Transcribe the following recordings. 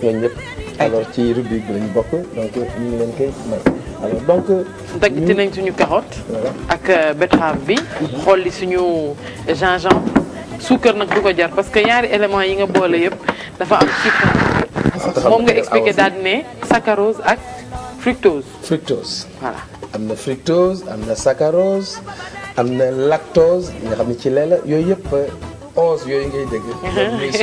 gis ngeen ñëpp. alors ci rubrique bi lañ bokk donc ñu ngi leen koy may. donc. daggati nañ suñu carotte. ak euh, betterave bi. xolli suñu gingembre. suukar nag du ko jar parce que ñaari éléments yi nga boole yëpp dafa am sucre. Ah, moom nga ah, expliqué ah, daal di ne saccharose ak fructose. fructose voilà. am na fructose am na saccharose am na lactose nga xam ne ci lee la yooyu yëpp euh, onze ngay dégg.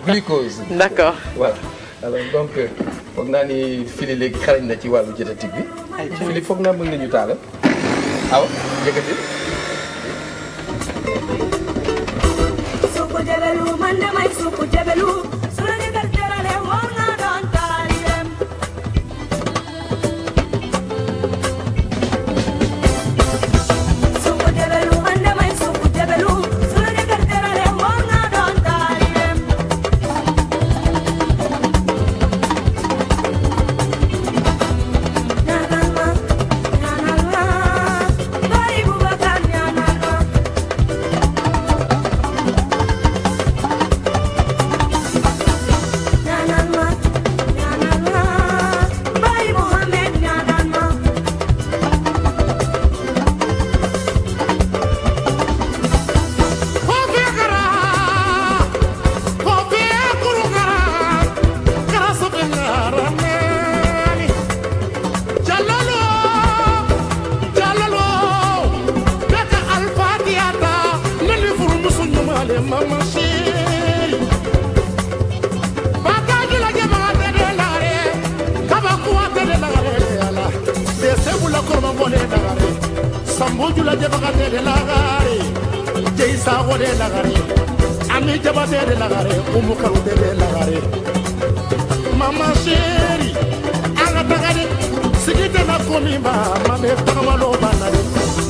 suukar ak alors donc euh, foog naa ni fili léegi xarañ na ci wàllu génétique bi. fili foog naa mën nañu taal aw ah yëkkati. su ko man damay su ko jula jabagate de lagare jey sago de lagare ami jabate de lagare umu karute de lagare mama sheri anga tagade sigite na komiba mame tagawalo banare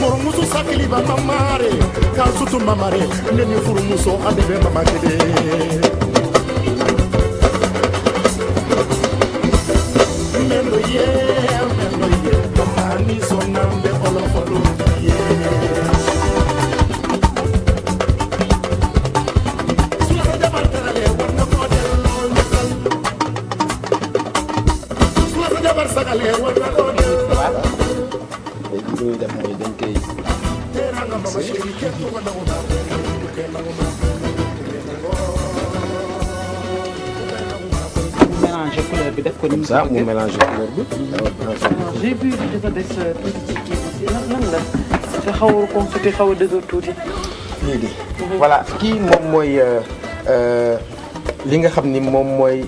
moromusu sakiliba mamare kan sutu mamare neni furumuso ande be mama kede mendo yeah mélanger couleur bi def ko ni ça mu mélanger xaw xaw a dëgër tuuti. lii moom mooy li nga xam ni moom mooy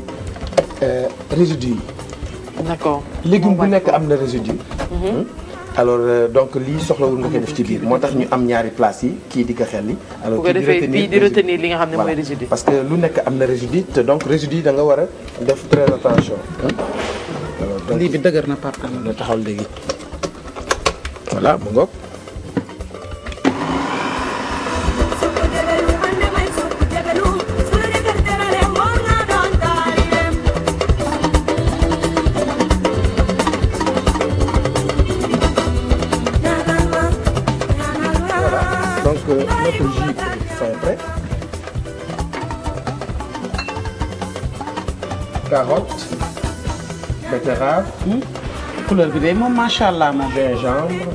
résidus yi. nekk am na résidus. alors euh, donc lii soxlawul nga koy def ci biir moo tax ñu am ñaari place yi kii di ko xelli. alors kii di retenir kii di retenir li nga xam ne mooy résidu. parce que lu nekk am na résidu te donc résidu yi da nga war a def très attention. alors donc lii bi dëgër na par na taxaw léegi voilà mu carotte betterave. Hmm? couleur bi de moom macha allah moom. gingembre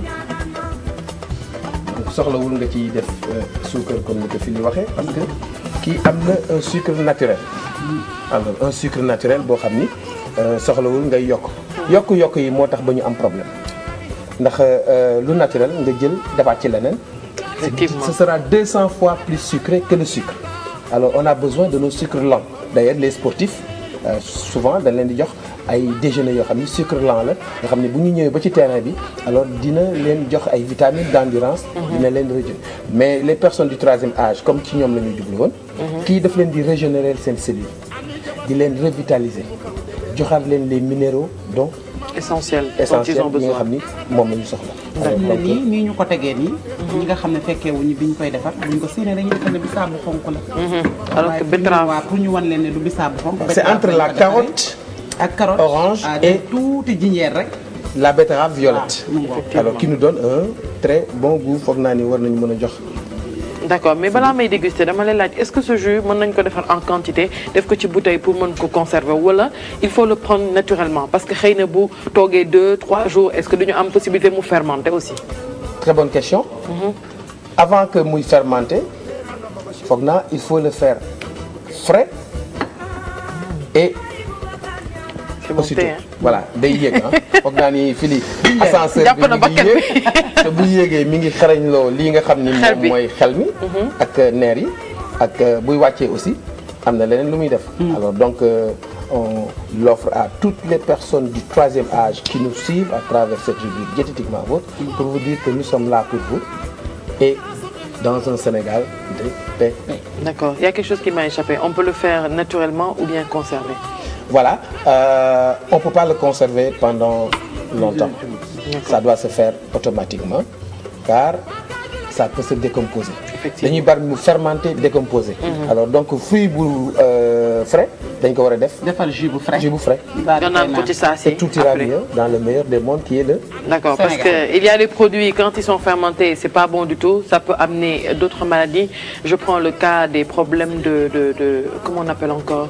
soxlawul nga ci def euh, suukar comme fi ñu waxe parce que kii am na un sucre naturel. Hmm. am na un sucre naturel boo xam ni euh, soxlawul ngay yokk. yokk-yokk yi moo tax ba ñu am problème ndax euh, lu naturel nga jël defaat ci leneen. effectivement ce sera fois plus sucré que le sucre. alors on a besoin de nos sucres lents d'ailleurs les sportifs. Euh, souvent dañ leen di jox ay déjeuner yoo xam ni sucre lent la nga xam ne bu ñu ñëwee ba ci terrain bi alors dina leen jox ay vitamines d'endurance mhm. dina leen régénérer mais les personnes du troisième âge comme ci ñoom la ñuy jublu woon mhm. kii daf leen di régénérer seen cellule di leen revitaliser joxaat leen les minéraux donc essentiel essentiel bi nga xam ni moom la ñu soxla. ndax nii nii ñu ko tegee nii. ñi nga xam ne fekkee wuñu bi ñu koy defar buñ ko ñu dañuy defar ne bisaab bu xonk la. Mhm. alors que betterave waaw pour ñu wan leen ne du xonk. c'est entre la carotte. ak carotte orange ah, et tuuti jinjeer rek. la betterave violette. Ah, alors qui nous donne un très bon goût foog naa ni war nañu mën a jox. d'accord mais balaa may déguster dama lay laaj est-ce que ce jus mën nañ ko defar en quantité def ci bouteille pour mën conserver il faut le prendre naturellement parce que xëy na bu toogee deux trois jours est-ce que duñu am possibilité mu fermenter aussi. très bonne question. Mhm. avant que muy fermenter foog naa il faut le faire frais aussitôt voilà day yéeg ah. naa ni fili nii ascenseur bi mi ngi yéeg bu yéegee mi ngi xarañ loo lii nga xam ni moom mooy xel mi mhm. ak euh, neer yi ak euh, buy wàccee aussi am na leneen lu muy def hmm. alors donc euh, on l'offre à toutes les personnes du troisième âge qui nous suivent à travers cette rubrique diététiquement vôtre hmm. pour vous dire que nous sommes là pour et dans un Sénégal de paix. D'accord. Il y a quelque chose qui m'a échappé. On peut le faire naturellement ou bien conserver voilà euh, on peut pas le conserver pendant longtemps ça doit se faire automatiquement car ça peut se décomposer dañuy bari mu fermenter décomposer mhm. alors donc fruit bu euh, frais dañ ko war a def defal bu frais jus bu frais tout ira mieux dans le meilleur des mondes qui est le d'accord parce que y a des produits quand ils sont fermentés c'est pas bon du tout ça peut amener d'autres maladies je prends le cas des problèmes de de de comment on encore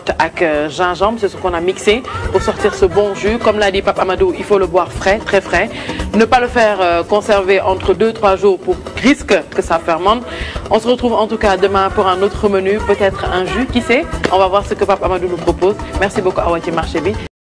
carottes ak euh, gingembre c'est ce qu'on a mixé pour sortir ce bon jus comme l'a dit Pape Amadou il faut le boire frais très frais ne pas le faire euh, conserver entre 2 3 jours pour risque que ça fermente on se retrouve en tout cas demain pour un autre menu peut-être un jus qui sait on va voir ce que Pape Amadou nous propose merci beaucoup Awa ci marché bi